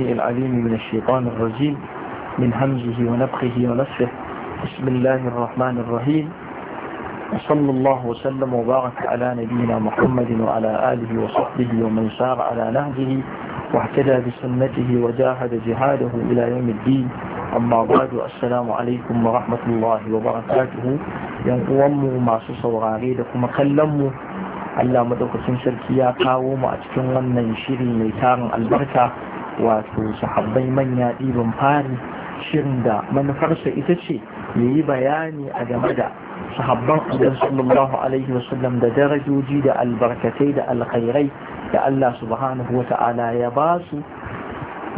السميع العليم من الشيطان الرجيم من همزه ونفخه ونفه بسم الله الرحمن الرحيم وصلى الله وسلم وبارك على نبينا محمد وعلى آله وصحبه ومن سار على نهجه واهتدى بسنته وجاهد جهاده إلى يوم الدين أما بعد السلام عليكم ورحمة الله وبركاته ينقوم مع سوسة عريدكم كلموا Allah madaukakin sarki ya kawo mu a cikin wannan shiri mai tarin albarka wato sahabbai manya ɗiban fari shirin da manufarsa ita ce ya yi bayani a game da sahabban annabi sallallahu alaihi wasallam da darajoji da albarkatai da alkhairai da Allah subhanahu wa ta'ala ya ba su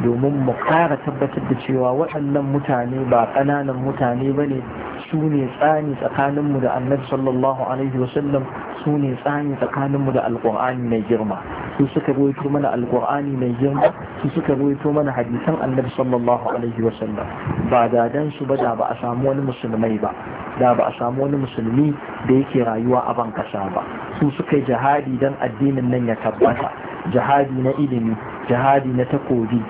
domin mu kara tabbatar da cewa waɗannan mutane ba ƙananan mutane ba ne su ne tsani tsakaninmu da annabi sallallahu alaihi wasallam su ne tsani tsakaninmu da alƙur'ani mai girma su suka ruwaito mana alkur'ani mai girma su suka ruwaito mana hadisan annabi sallallahu alaihi wasallam ba da su ba da ba a samu wani musulmai ba da ba a samu wani musulmi da yake rayuwa a ban kasa ba su suka yi jihadi dan addinin nan ya tabbata jihadi na ilimi jihadi na takobi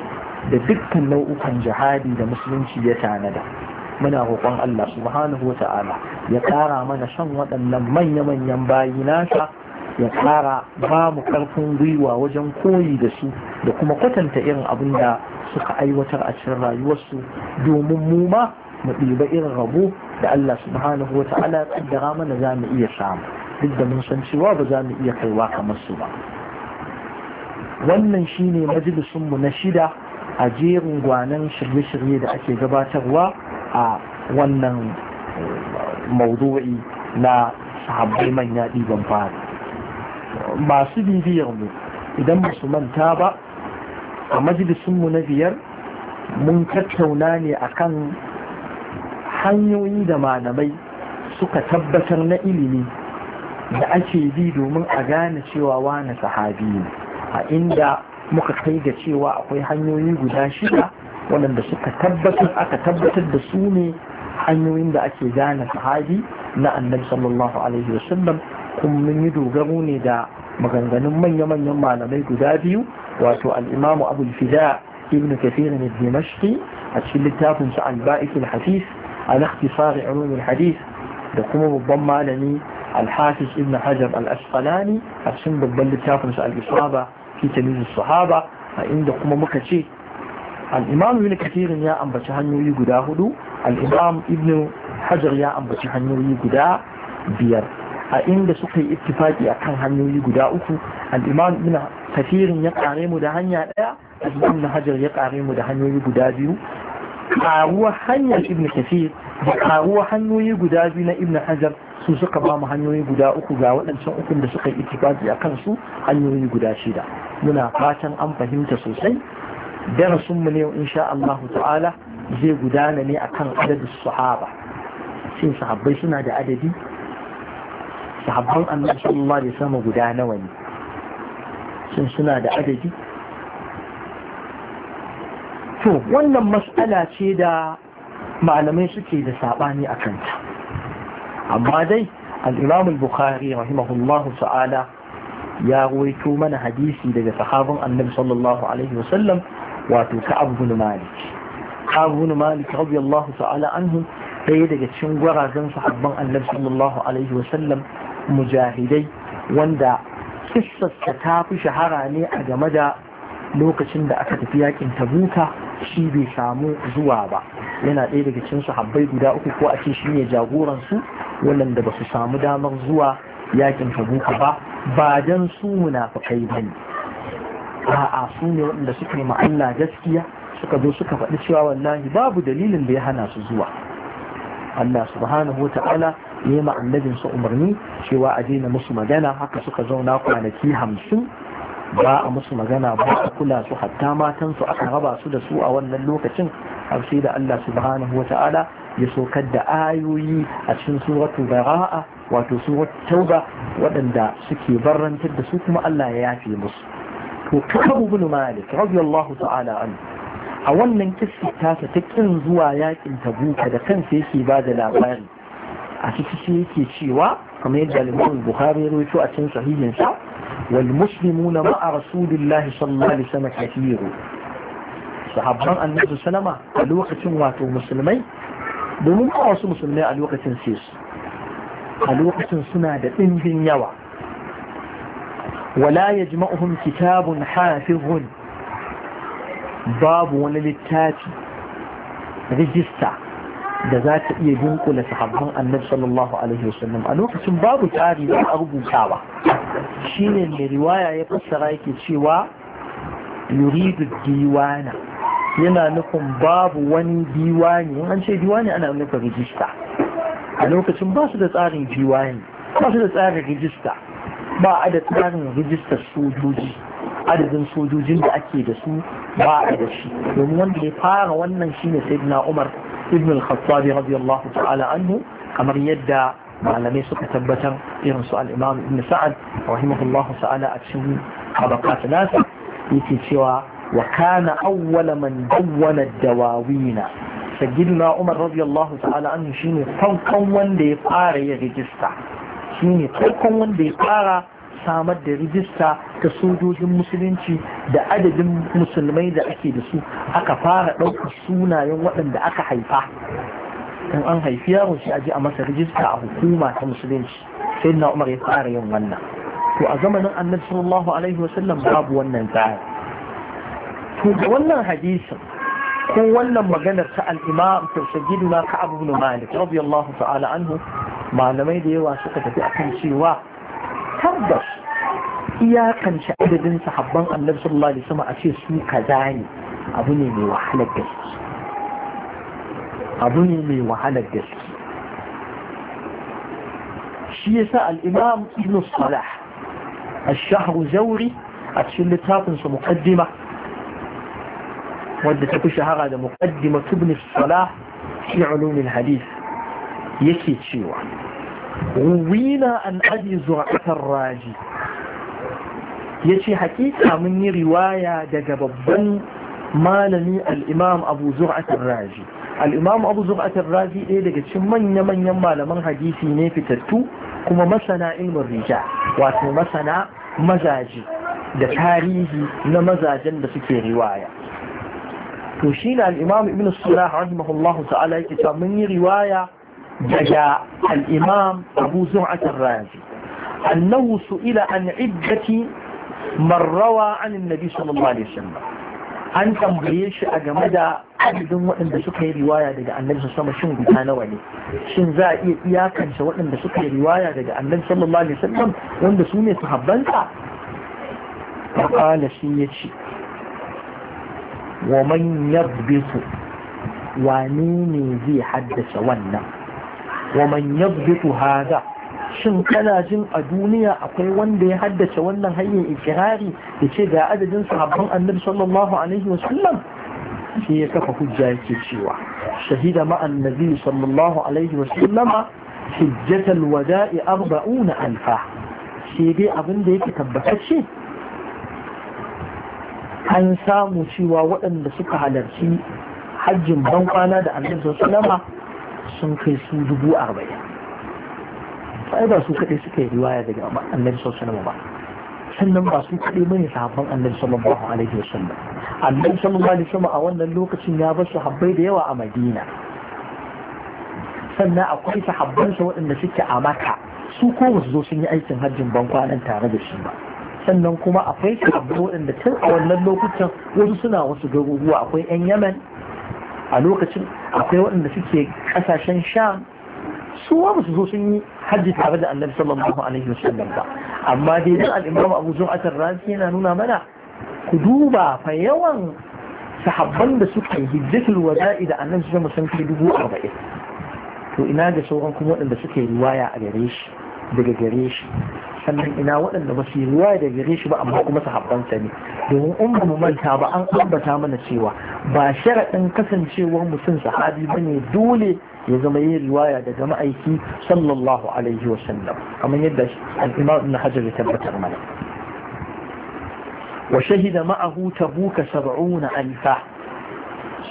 da dukkan nau'ukan jihadi da musulunci ya tanada muna roƙon Allah subhanahu wa ta'ala ya ƙara mana shan waɗannan manya-manyan bayi nasa ya ƙara ba mu ƙarfin gwiwa wajen koyi da su da kuma kwatanta irin abin da suka aiwatar a cikin rayuwarsu domin mu ma mu ɗiba irin rabo da Allah subhanahu wa ta'ala ya ƙaddara mana za mu iya samu duk da mun san cewa ba za mu iya kaiwa kamar su ba wannan shine majalisunmu na shida a jerin gwanan shirye-shirye da ake gabatarwa a wannan maudu'i na sahabbai manya ɗiban fara masu bibiyar mu idan musu manta ba a majalisunmu na biyar mun tattauna ne a kan hanyoyi da malamai suka tabbatar na ilimi da ake bi domin a gane cewa wani sahabi ne a inda muka kai da cewa akwai hanyoyi guda shida waɗanda suka tabbatar aka tabbatar da su ne hanyoyin da ake gane sahabi na annabi sallallahu alaihi wasallam kuma mun yi dogaro ne da maganganun manya-manyan malamai guda biyu wato al'imamu abul fida ibn kathir ne dimashqi a cikin littafin alba'is al-ba'is al-hadith al al da kuma babban malami al-hafiz ibn hajar al-asqalani a cikin babban littafin sa al-isaba fi sahaba a inda kuma muka ce al-imam ibn ya ambaci hanyoyi guda hudu al-imam ibn hajar ya ambaci hanyoyi guda biyar a inda suka yi ittifaki akan hanyoyi guda uku al ibn kafirin ya kare mu da hanya daya al-imam hajar ya kare mu da hanyoyi guda biyu karuwar hanyar ibn kafir da karuwar hanyoyi guda biyu na ibn hajar su suka ba mu hanyoyi guda uku ga waɗancan ukun da suka yi ittifaki a kansu hanyoyi guda shida muna fatan an fahimta sosai darasin mu ne insha Allah ta'ala zai gudana ne akan adadin sahaba shin sahabbai suna da adadi sahabban annabi sallallahu alaihi wasallam guda nawa ne sun suna da adadi to wannan mas'ala ce da malamai suke da sabani a kanta amma dai al-imam al-bukhari rahimahullahu ta'ala ya ruwaito mana hadisi daga sahabban annabi sallallahu alaihi wasallam wato ka'ab bin malik ka'ab bin malik radiyallahu ta'ala anhu ɗaya daga cikin gwarazan sahabban annabi sallallahu alaihi wasallam mujahidai wanda kissarsa ta fi shahara ne a game da lokacin da aka tafi yakin tabuka shi bai samu zuwa ba yana ɗaya daga cikin sahabbai guda uku ko a ce shi ne jagoransu waɗanda ba su samu damar zuwa yakin tabuka ba ba don su munafukai ba ne a'a su ne waɗanda suka yi ma'alla gaskiya suka zo suka faɗi cewa wallahi babu dalilin da ya hana su zuwa Allah subhanahu wa ta'ala nema annabin su umarni cewa a daina musu magana haka suka zauna kwanaki hamsin ba a musu magana ba a kula su hatta matansu aka raba su da su a wannan lokacin har sai da Allah subhanahu wa ta'ala ya sokar da ayoyi a cikin suratu bara'a wato suratu tauba waɗanda suke barrantar da su kuma Allah ya yafe musu to kabu bin malik radiyallahu ta'ala an a wannan kissa ta ta kin zuwa yakin tabuka da kansa yake ba da labari a ciki shi yake cewa kamar yadda al-Imam ya rawaito a cikin sahihinsa. sa wal na ma'a rasulillahi sallallahu alaihi wasallam kathiru sahabban annabi Salama a lokacin wato musulmai domin ba wasu musulmai a lokacin sai a lokacin suna da ɗimbin yawa wala yajma'uhum kitabun hafizun babu wani littafi rijista da za ta iya dunkula sahabban annabi sallallahu alaihi wasallam a lokacin babu tsari da a rubutawa shine mai riwaya ya fassara yake cewa yuridu diwana yana nufin babu wani diwani in an ce diwani ana nufin rijista a lokacin ba su da tsarin diwani ba su da tsarin rijista ba a da tsarin rijistar sojoji adadin sojojin da ake da su ba a da shi domin wanda ya fara wannan shine na umar ابن الخطاب رضي الله تعالى عنه أمر يدى على ميسة تبتا إيران سؤال إمام ابن سعد رحمه الله تعالى أكسن حبقات ناسا يتي سوا وكان أول من دون الدواوين سجدنا عمر رضي الله تعالى عنه شيني فوقا وان دي قاري يجيستا شيني فوقا وان دي فاري samar da rijista ta sojojin musulunci da adadin musulmai da ake da su aka fara ɗaukar sunayen waɗanda aka haifa in an haifi yaro shi a a masa rijista a hukuma ta musulunci sai na umar ya fara yin wannan to a zamanin annabi sallallahu alaihi wasallam babu wannan tsari to da wannan hadisin ko wannan maganar ta al-imam sayyidina ka'ab ibn malik radiyallahu ta'ala anhu malamai da yawa suka tafi akan cewa tabbas iyakance adadin sahabban annabi sallallahu alaihi wasallam a ce su kaza ne abu ne mai wahalar gaske abu ne mai wahalar gaske shi yasa al-imam ibn salah a cikin أتشل لتاقن مقدمة wadda ta fi shahara da muqaddima ibn salah fi ulum al-hadith yake cewa ruwina an abi zura'atar raji ya ce hakika mun yi riwaya daga babban malami al'imam abu zura'atar raji al'imam abu zura'atar raji ɗaya daga cikin manya-manyan malaman hadisi ne fitattu kuma masana ilmin rija wato masana mazaje da tarihi na mazajen da suke riwaya to shi na al'imam ibn sulah rahimahullahu ta'ala yake cewa mun yi riwaya daga al'imam abu zuwa'atar razi annahu su'ila an iddati marrawa an nabi sallallahu alaihi wasallam an tambaye shi a game da adadin waɗanda suka yi riwaya daga annabi sallallahu shin guda nawa ne shin za a iya iyakance waɗanda suka yi riwaya daga annabi sallallahu alaihi wasallam wanda su ne sahabbansa فقال سيتي ومن يضبط وانيني zai حدث wannan? wa man yabbitu hada shin kana jin a duniya akwai wanda ya haddace wannan hanyar ikirari da ce ga adadin sahabban annabi sallallahu alaihi wa sallam? sai ya kafa hujja yake cewa shahida ma annabi sallallahu alaihi wa wasallama hujjatal wada'i arba'una alfa shi dai abin da yake tabbatacce an samu cewa waɗanda suka halarci hajjin ban kwana da annabi sallallahu alaihi wasallama sun kai su dubu arba'in sai ba su kaɗai suka yi riwaya daga annabi sallallahu ba sannan ba su kaɗai bane sahabban annabi sallallahu alaihi wasallam annabi sallallahu alaihi wasallam a wannan lokacin ya bar sahabbai da yawa a madina sannan akwai sahabban sa waɗanda suke a maka su ko su zo sun yi aikin hajjin ban kwanan tare da shi ba sannan kuma akwai sahabbai waɗanda tun a wannan lokacin wasu suna wasu garuruwa akwai 'yan yamen a lokacin akwai waɗanda suke ƙasashen sham suwa ba su zo sun yi hajji tare da annabi sallallahu alaihi wasallam ba amma dai dan al-imam Abu Zur'at razi yana nuna mana ku duba fa yawan sahabban da suka yi hijjatul wada'i da annabi sallallahu alaihi wasallam sun kai dubu arba'in to ina ga sauran kuma waɗanda suka yi riwaya a gare shi daga gare shi sannan ina waɗanda ba su yi ruwa da gare shi ba amma kuma sahabbansa ne domin in ba mu manta ba an ambata mana cewa ba sharaɗin kasancewar mutum sahabi ba ne dole ya zama yin riwaya daga ma'aiki sallallahu alaihi wa sallam kamar yadda al-imam ibn hajar ya tabbatar mana wa shahida ma'ahu tabuka sab'una alfa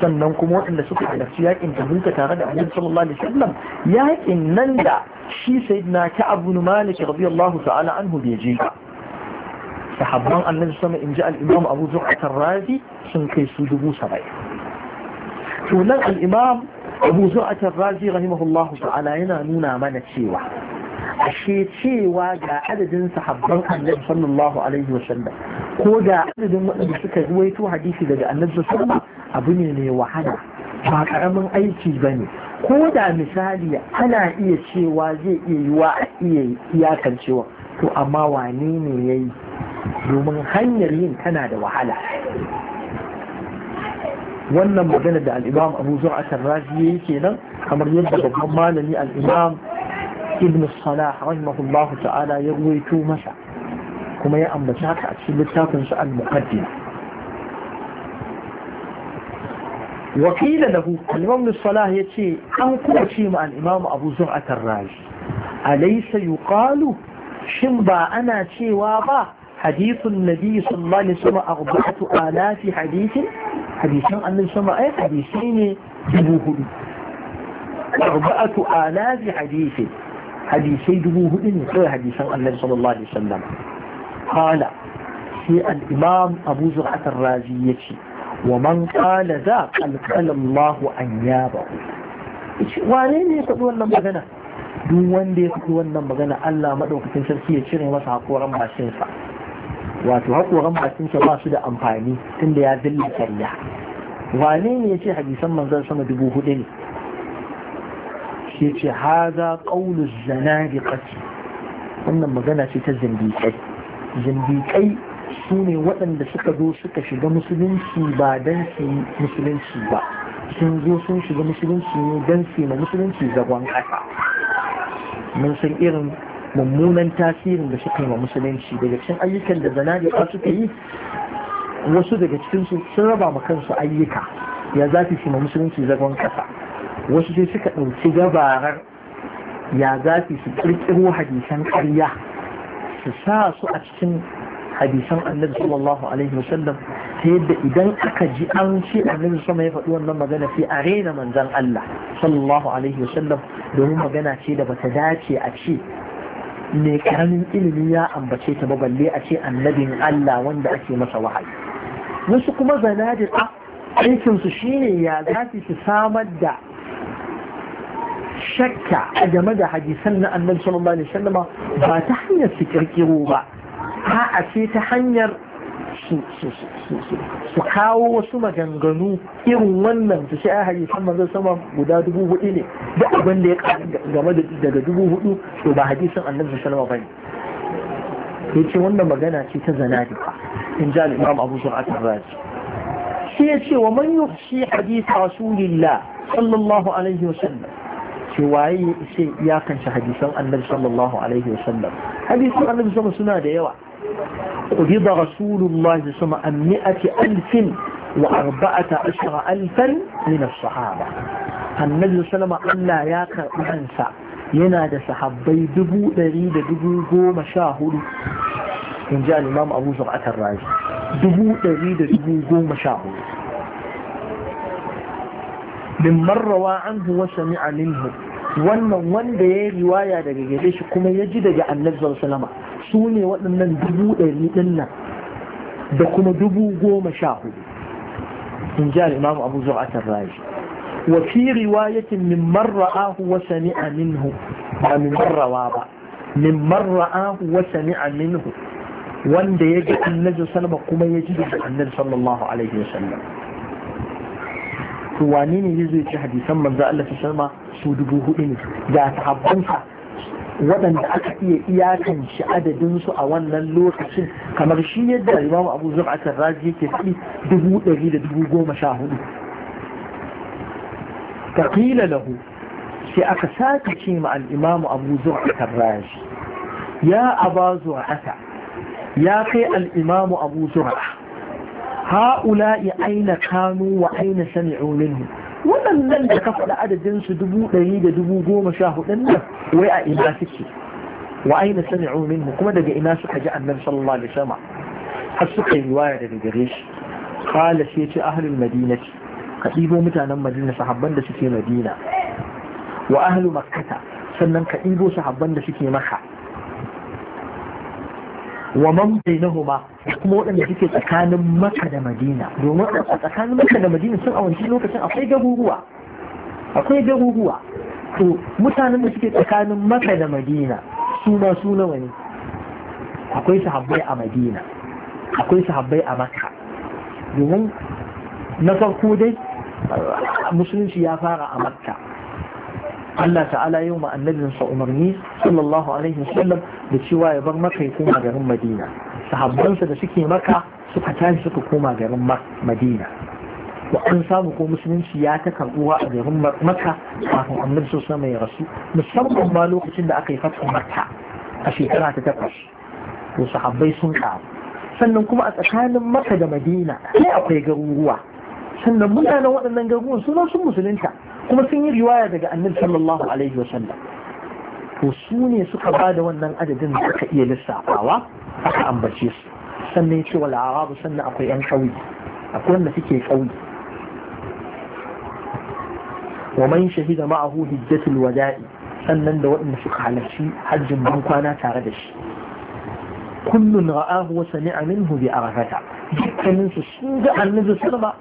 sannan kuma waɗanda suka ya yakin tabuka tare da annabi sallallahu alaihi wasallam ya yakin nan da shi sayyidina ka'ab bin malik radiyallahu ta'ala anhu bai je ba sahabban annabi sama in ji al-imam abu zur'a razi sun kai su dubu sabai to nan al-imam abu zur'a razi rahimahullahu ta'ala yana nuna mana cewa ashe cewa ga adadin sahabban annabi sallallahu alaihi wasallam ko da adadin waɗanda suka ruwaito hadisi daga annabi sallallahu abu ne mai wahala ba karamin aiki ba ne ko da misali ana iya cewa zai iya yiwa a iya iyakancewa to amma wane ne ya yi domin hanyar yin tana da wahala wannan magana da al'imam abu zuwa a sarrafi ya yi kenan kamar yadda babban malami al'imam ibn salah rahimahullahu ta'ala ya ruwaito masa kuma ya ambaci haka a cikin littafin su al وقيل له الإمام للصلاة يتي أن كوشي عن الإمام أبو زرعة الراجي أليس يقال شنبا أنا وابا حديث النبي صلى الله عليه وسلم أربعة آلاف حديث حديثين أن نسمى أي حديثين دبوه أربعة آلاف حديث حديثين دبوه غير حديثين النبي صلى الله عليه وسلم قال في الإمام أبو زرعة الرازي يتي wa man kala za qalqala Allah an wane ne ya faɗi wannan magana duk wanda ya faɗi wannan magana Allah maɗaukacin sarki ya cire masa haƙoran mashinsa. wato haƙoran mashinsa ba su da amfani tunda ya zilla karya wane ne ya ce hadisan manzon sama dubu hudu ne shi ce haza qaulu zanadiqati wannan magana ce ta zindiƙai zindiƙai su ne waɗanda suka zo suka shiga musulunci ba don su musulunci ba sun zo sun shiga musulunci ne don su ma musulunci zagon ƙasa mun san irin mummunan tasirin da suka yi ma musulunci daga cikin ayyukan da zanadiya suka yi wasu daga cikinsu sun raba ma kansu ayyuka ya za su ma musulunci zagon ƙasa wasu sai suka ɗauki gabarar ya za su ƙirƙiro hadisan ƙarya su sa su a cikin hadisan annabi sallallahu alaihi wasallam ta yadda idan aka ji an ce annabi sama ya faɗi wannan magana sai a rena manzan Allah sallallahu alaihi wasallam domin magana ce da bata dace a ce mai karamin ilimi ya ambace ta balle a ce annabin Allah wanda ake masa wahayi wasu kuma zanadiqa ah, aikinsu shine ya zafi su samar da shakka a game da hadisan na annabi sallallahu alaihi wasallam ba ta hanyar su kirkiro ba a ce ta hanyar su kawo wasu maganganu irin wannan su sha hadisan manzon sama guda dubu hudu ne da abin da ya game daga dubu hudu to ba hadisan annabi sallama bane ya ce wannan magana ce ta zana zanadika in ji al'imam abu zuwa raji shi ya ce wa man yuhshi hadisa rasulillah sallallahu alaihi wasallam ce waye ya kanci hadisan annabi sallallahu alaihi wasallam hadisan annabi suna da yawa قبض رسول الله صلى الله عليه وسلم عن مئة ألف وأربعة عشر ألفا من الصحابة النبي صلى الله عليه وسلم ألا ياكر أنسى ينادى صحابي دبو دريد دبو قوم شاهد إن جاء الإمام أبو زرعة الرازي دبو دريد دبو قوم شاهد من مر وعنه وسمع منه wannan wanda ya riwaya daga gare shi kuma ya ji daga annabi sallama su ne waɗannan dubu ɗari ɗin nan da kuma dubu goma sha hudu in ji al'imam abu zu'atar raji wa fi riwayatin min marra'ahu wa sami'a minhu ba min marrawa ba min marra'ahu wa sami'a minhu wanda ya ga annabi sallama kuma ya ji daga annabi sallallahu alaihi wa sallam. to wani ne zai ci hadisan manzo Allah ta sharma su dubu hudu ne ga sahabbansa waɗanda aka iya iyakanci adadin su a wannan lokacin kamar shi yadda Imam Abu Zur'a Razi yake faɗi dubu ɗari da dubu goma sha hudu فقيل له sai aka sake ce ma al-Imam abu zuwa ya aba zuwa ya kai al'imamu abu Zur'a ha'ula aina kanu wa aina sami'u minhu waɗannan da ka faɗa adadin su dubu ɗari da dubu goma sha hudun nan wai a ina suke wa aina sami'u minhu kuma daga ina suka ji annabi sallallahu alaihi sama. har suka yi riwaya daga gare shi qala sai ce ahlul madinati ka ɗibo mutanen madina sahabban da suke madina wa ahlu makkata sannan ka ɗibo sahabban da suke maka wa man bainahuma kuma waɗanda suke tsakanin maka da Madina domin a tsakanin maka da Madina sun a wancan lokacin akwai garuruwa akwai garuruwa to mutanen da suke tsakanin maka da Madina su ma su nawa ne akwai sahabbai a Madina akwai sahabbai a maka. domin na farko dai musulunci ya fara a Makka Allah ta'ala yau ma annabinsa umarni sallallahu alaihi wasallam da cewa ya bar maka ya koma garin madina sahabbansa da suke maka suka tashi suka koma garin madina wa an samu ko musulunci ya ta karbuwa a garin maka kafin annabi sallallahu alaihi ya rasu musamman ma lokacin da aka yi fatan makka a shekara ta takwas to sahabbai sun karu sannan kuma a tsakanin maka da madina sai akwai garuruwa sannan mutanen waɗannan garuruwan su sun musulunta kuma sun yi riwaya daga annabi sallallahu alaihi wa sallam to su ne suka ba da wannan adadin da aka iya lissafawa aka ambace su sannan ya ce wal arabu sannan akwai yan kauye akwai wanda suke kauye wa man shahida ma'ahu hijjatul wada'i sannan da waɗanda suka halarci hajjin ban kwana tare da shi kullun ra'ahu wa sami'a minhu bi arafata dukkanin su sun ga annabi sallama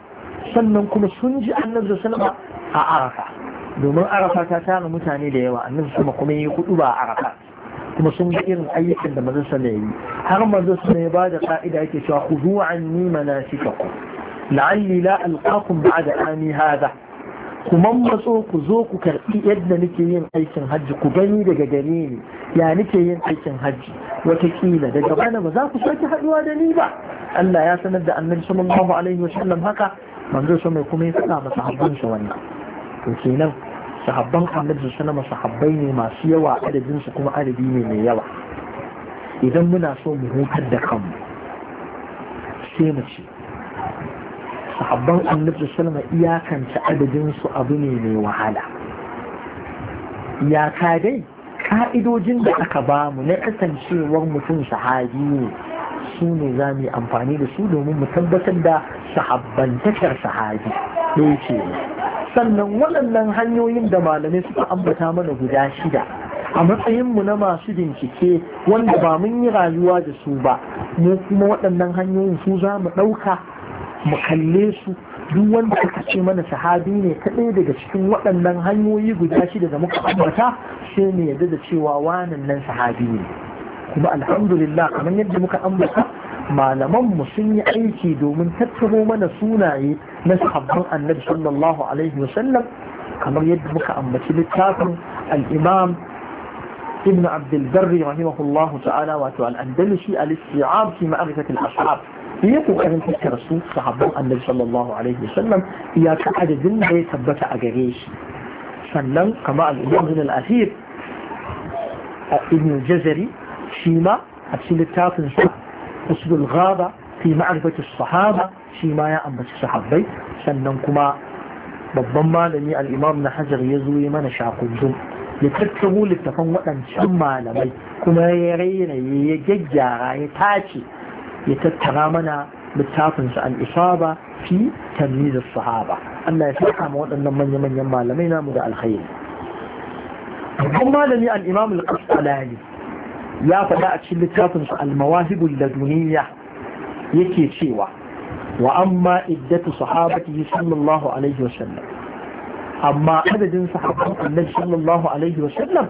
sannan kuma sun ji annabi sallama a arafa domin arafa ta tara mutane da yawa annabi kuma kuma yi hudu ba a arafa kuma sun ga irin ayyukan da manzon sallallahu yi har manzon sallallahu ya da ka'ida yake cewa khudhu anni manasikakum la'alli la alqakum ba'da ani haza, kuma matso ku zo ku karɓi yadda nake yin aikin hajji ku gani daga gare ni ya nake yin aikin hajji watakila daga bana ba za ku sake haɗuwa da ni ba Allah ya sanar da annabi sallallahu alaihi wasallam haka manzo mai kuma ya faɗa masa habbansa wannan to kenan sahabban annabi sallama sahabbai ne masu yawa adadin su kuma adadi ne mai yawa idan muna so mu hutar da kanmu sai mu ce sahabban annabi sanama iyakance adadin su abu ne mai wahala iyaka dai ka'idojin da aka ba mu na kasancewar mutum sahabi ne su ne za mu yi amfani da su domin mu tabbatar da sahabbantakar sahabi ɗaya ce sannan waɗannan hanyoyin da malamai suka ambata mana guda shida a matsayinmu na masu bincike wanda ba mun yi rayuwa da su ba mu kuma waɗannan hanyoyin su za mu ɗauka mu kalle su duk wanda aka ce mana sahabi ne kaɗai daga cikin waɗannan hanyoyi guda shida da muka ambata sai mu yadda da cewa wanan nan sahabi ne kuma alhamdulillah kamar yadda muka ambata malamanmu sun yi aiki domin tattaro mana sunaye na sahabban annabi sallallahu kamar yadda muka ambaci littafin al-imam ibn abdulbarri rahimahullahu ta'ala wato al-andalusi al-istiab fi ma'rifat al-ashab kokarin tattara sahabban annabi ya ka adadin da ya tabbata a gare shi sannan kamar al-imam ibn al-asir ibn jazari shi ma a ci littafin sa أسل الغابة في معرفة الصحابة شما يا أم بس سننكما بضمى لني الإمام نحجر يزوي من نشاق الزم يتركبوا للتفن وأن سمى لبي يرين يججع يتاتي يتتغامنا بالتافن عن إصابة في تمييز الصحابة أما يفيحا موت أن من يمن يمى لمينا مدى الخير ثم لني الإمام القصد علاني ya faɗa a cikin littafinsa su da mawahibul laduniyya yake cewa wa amma iddatu sahabatihi sallallahu alaihi wasallam amma adadin sahabban annabi sallallahu alaihi wasallam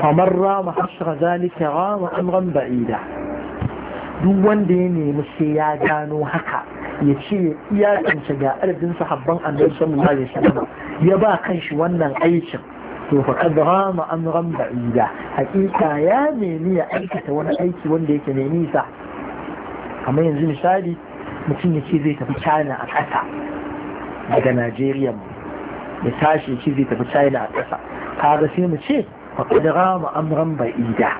kamar rama hashra zalika rama amran ba'ida duk wanda ya nemi sai ya gano haka ya ce ya tsance ga adadin sahabban annabi sallallahu alaihi wasallam ya ba kanshi wannan aikin to faqad rama amran ba'ida hakika ya nemi ya aikata wani aiki wanda yake mai nisa kamar yanzu misali mutum ya ce zai tafi China a ƙasa daga Najeriya ya tashi ce zai tafi China a ƙasa kaga sai mu ce faqad rama amran ba'ida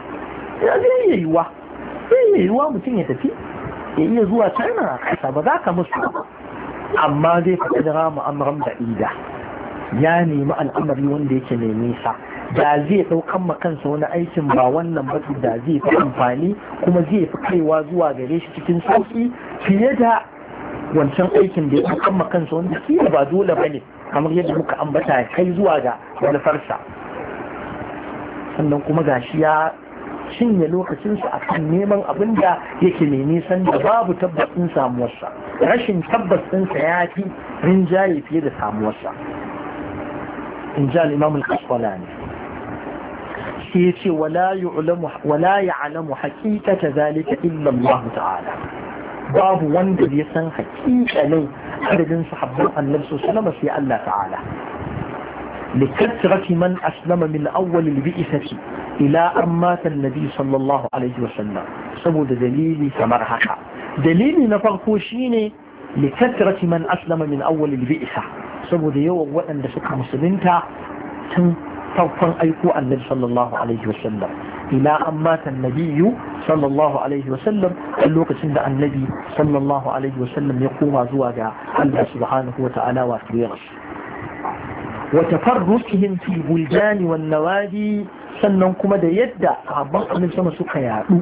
ya zai yiwa zai yiwa mutum ya tafi ya iya zuwa China a ƙasa ba za ka musu amma zai faqad rama amran ba'ida ya nemi al'amari wanda yake mai nisa da zai ɗaukan ma wani aikin ba wannan ba da zai fi amfani kuma zai fi kaiwa zuwa gare shi cikin sauki fiye da wancan aikin da ya ɗaukan ma kansa wanda shi ba dole ba ne kamar yadda muka ambata ya kai zuwa ga manufarsa sannan kuma gashi ya cinye lokacinsa a kan neman abin da yake mai nisan da babu tabbas ɗin samuwarsa rashin tabbas ɗinsa ya fi rinjaye fiye da samuwarsa إن جاء الإمام القسطلاني سيتي ولا يعلم ولا يعلم حقيقة ذلك إلا الله تعالى باب وند يسن حقيقة لي عدد صحابة النبي صلى الله عليه وسلم في الله تعالى لكثرة من أسلم من أول البئسة إلى أن مات النبي صلى الله عليه وسلم سبب دليلي كمرهقة دليلي نفرقوشيني لكثرة من أسلم من أول البئسة saboda yawan waɗanda suka musulunta tun farkon aiko annabi sallallahu alaihi wasallam ila an mata nabiyyu sallallahu alaihi wasallam a lokacin da annabi sallallahu alaihi wasallam ya koma zuwa ga Allah subhanahu wa ta'ala wa rasu وتفرقهم في البلدان والنوادي sannan kuma da yadda sahabban annabi sama suka yadu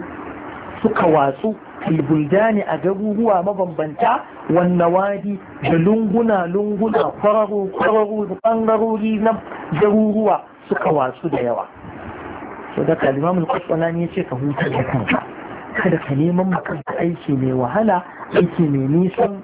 suka watsu filbuldani a garuruwa mabambanta wanna wadi da lunguna-lunguna kwararru da ɓangarori na garuruwa suka wasu da yawa so da kalimamul kwatsonani ya ce ka huta da kanka kada ka neman makanka aiki mai wahala aiki mai nisan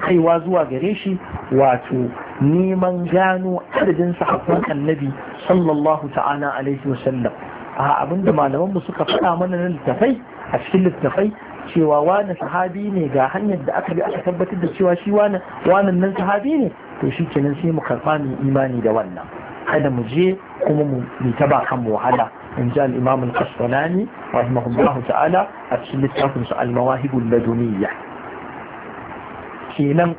kaiwa zuwa gare shi wato neman gano adadin sahabban annabi sallallahu ta'ala alaihi wasallam a abinda malamanmu suka faɗa mana na littafai a cikin littafai cewa wani sahabi ne ga hanyar da aka bi aka tabbatar da cewa shi wani wani nan sahabi ne to shi kenan sai mu karɓa mu imani da wannan kada mu je kuma mu yi ta ba kan wahala in ji al-imam al-qasqalani ta'ala a cikin littafin su al-mawahib al kenan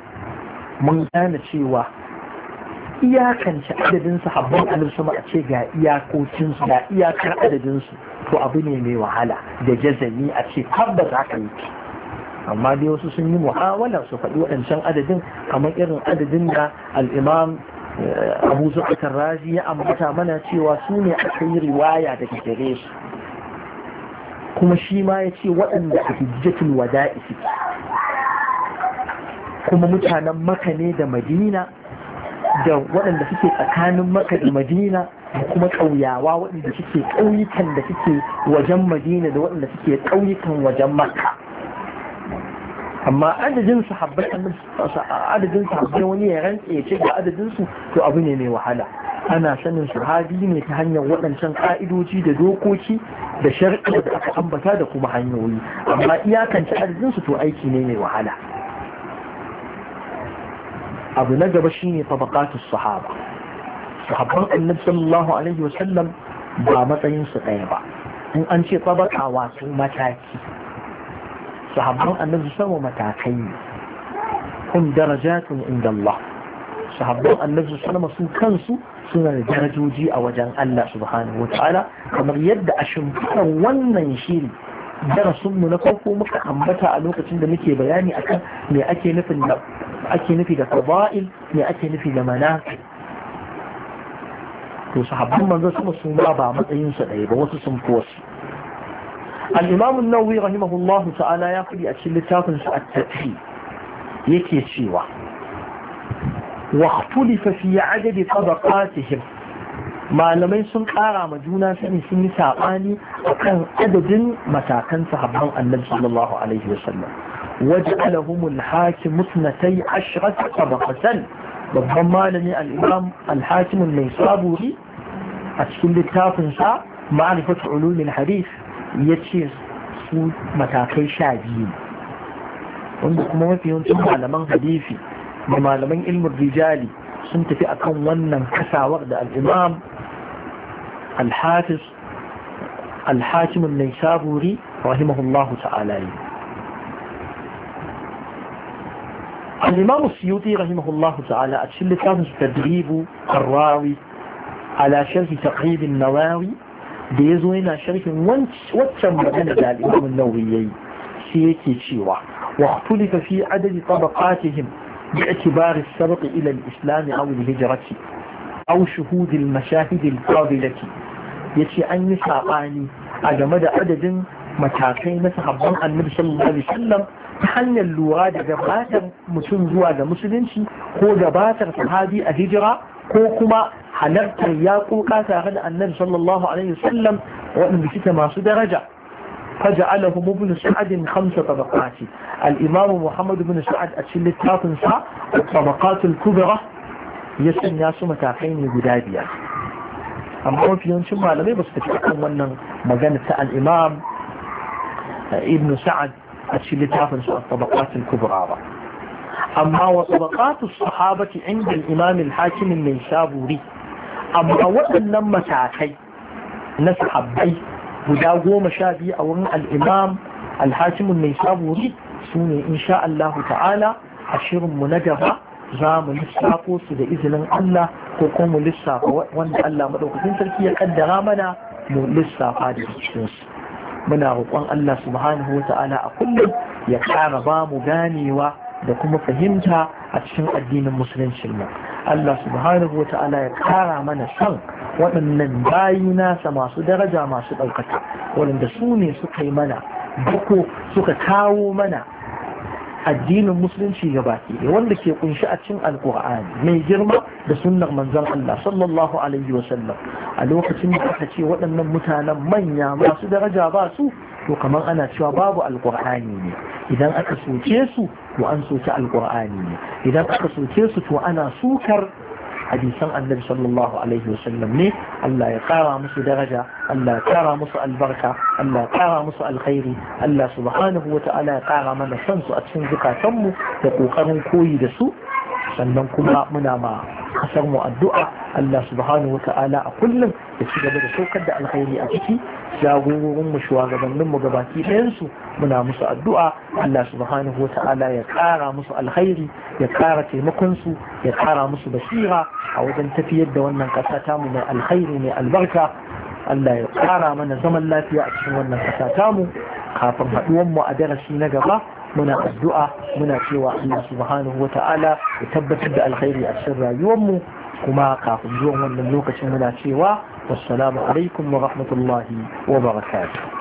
mun gane cewa iyakance adadin sahabban annabi sama a ce ga su ga iyakar adadinsu to abu ne mai wahala da jazami a ce tabbas ka yi amma dai wasu sun yi muhawala su faɗi waɗancan adadin kamar irin adadin da al'imam eh, abu zuƙatar razi ya ambata mana cewa su ne aka yi riwaya daga gare su kuma shi ma ya ce waɗanda a hijjatul wada'i suke kuma mutanen maka ne da madina da waɗanda suke tsakanin maka da madina kuma ƙauyawa waɗanda suke ƙauyukan da suke wajen madina da waɗanda suke ƙauyukan wajen makka amma adadin su habbai adadin su habbai wani ya rantse ya ce ga adadin su to abu ne mai wahala ana sanin sahabi ne ta hanyar waɗancan ƙa'idodi da dokoki da sharɗi da aka ambata da kuma hanyoyi amma iyakance adadin su to aiki ne mai wahala abu na gaba shine tabaqatus sahaba sahabban annabi sallallahu alaihi wasallam ba matsayin su ɗaya ba in an ce tabaka wasu mataki sahabban annabi sama matakai ne hum darajatun inda Allah sahabban annabi sallama su kansu suna da darajoji a wajen Allah subhanahu ta'ala kamar yadda a shimfiɗar wannan shiri darasin mu na farko muka ambata a lokacin da muke bayani akan me ake nufin da ake nufi da fadail me ake nufi da manaka to sahabban manzo suna sun ba ba matsayin su ɗaya ba wasu sun fi wasu al-imam an-nawawi ta'ala ya fadi a cikin littafin sa at-tafi yake cewa wa ikhtulifa fi adad tabaqatihim malamai sun kara ma juna sani sun yi sabani akan adadin matakan sahabban annabi sallallahu alaihi wasallam waj'alahum al-hakim musnatay ashrata tabaqatan babban malami al'imam alhakimin mai saburi a cikin littafinsa ma'arifatu ulumin hadith ya ce su matakai sha biyu wanda kuma mafi yawancin malaman hadisi da malaman ilmin rijali sun tafi akan wannan kasawar da al'imam alhafiz alhakimin mai saburi rahimahullahu ta'ala yi الإمام السيوطي رحمه الله تعالى أتشل كانت تدريب الراوي على شرح تقريب النواوي بيزوين هنا شرح واتشم مدن الإمام النووي سيكي شيوا واختلف في عدد طبقاتهم باعتبار السبق إلى الإسلام أو الهجرة أو شهود المشاهد القابلة يتي أن يساقاني أجمد عدد متاكين صحبا النبي صلى الله عليه وسلم ta hanyar lura da gabatar mutum zuwa da musulunci ko gabatar sahabi a hijira ko kuma halartar ya kuka tare da annabi sallallahu alaihi wasallam waɗanda suke masu daraja faja'alahu ibn sa'ad khamsa tabaqat al-imam muhammad ibn sa'ad a cikin littafin sa tabaqat al-kubra ya sanya su matakai ne guda biyar amma mafi yawancin malamai basu su tafi kan wannan magana ta al-imam ibn sa'ad a cikin littafin su a tabaqatul kubra ba amma wa tabaqatus sahabati inda al-imam al-hakim an amma waɗannan matakai na sahabbai guda goma sha biyu a wurin al-imam mai saburi sune insha Allah ta'ala a shirin mu na daba. za mu lissafo su da izinin Allah ko kuma mu lissafa wanda Allah madaukakin sarki ya kaddara mana mu lissafa da cikin muna roƙon Allah subhanahu wa ta'ala a kullum ya ƙara ba mu ganewa da kuma fahimta a cikin addinin musuluncin mu Allah subhanahu wa ta'ala ya ƙara mana son waɗannan bayi nasa masu daraja masu ɗaukata, waɗanda su ne suka yi mana bako suka kawo mana addinin musulunci gabaki ɗaya wanda ke kunshi a cikin alkur'ani mai girma da sunnar manzon Allah sallallahu alaihi a lokacin da aka ce waɗannan mutanen manya masu daraja ba su to kamar ana cewa babu alkur'ani ne idan aka soke su to an soke alkur'ani ne idan aka soke su to ana sukar hadisan annabi sallallahu alaihi wasallam ne Allah ya kara musu daraja Allah ya kara musu albarka Allah ya kara musu alkhairi Allah subhanahu wa ta'ala ya kara mana sansu su a cikin zukatanmu da kokarin koyi da su sannan kuma muna ma kasar mu addu'a Allah subhanahu wata'ala a kullum ya ci gaba da saukar da alkhairi a ciki jagororin mu shugabannin mu gabaki ɗayan su muna musu addu'a Allah subhanahu wata'ala ya ƙara musu alkhairi ya ƙara taimakon su ya ƙara musu basira a wajen tafiyar da wannan ƙasa mu mai alkhairi mai albarka Allah ya ƙara mana zaman lafiya a cikin wannan ƙasa mu kafin haɗuwar mu a darasi na gaba muna addu'a muna cewa Allah subhanahu wa ta'ala ya tabbatar da alkhairi a cikin rayuwarmu kuma kafin zuwan wannan lokacin muna cewa wassalamu alaikum wa rahmatullahi wa barakatuh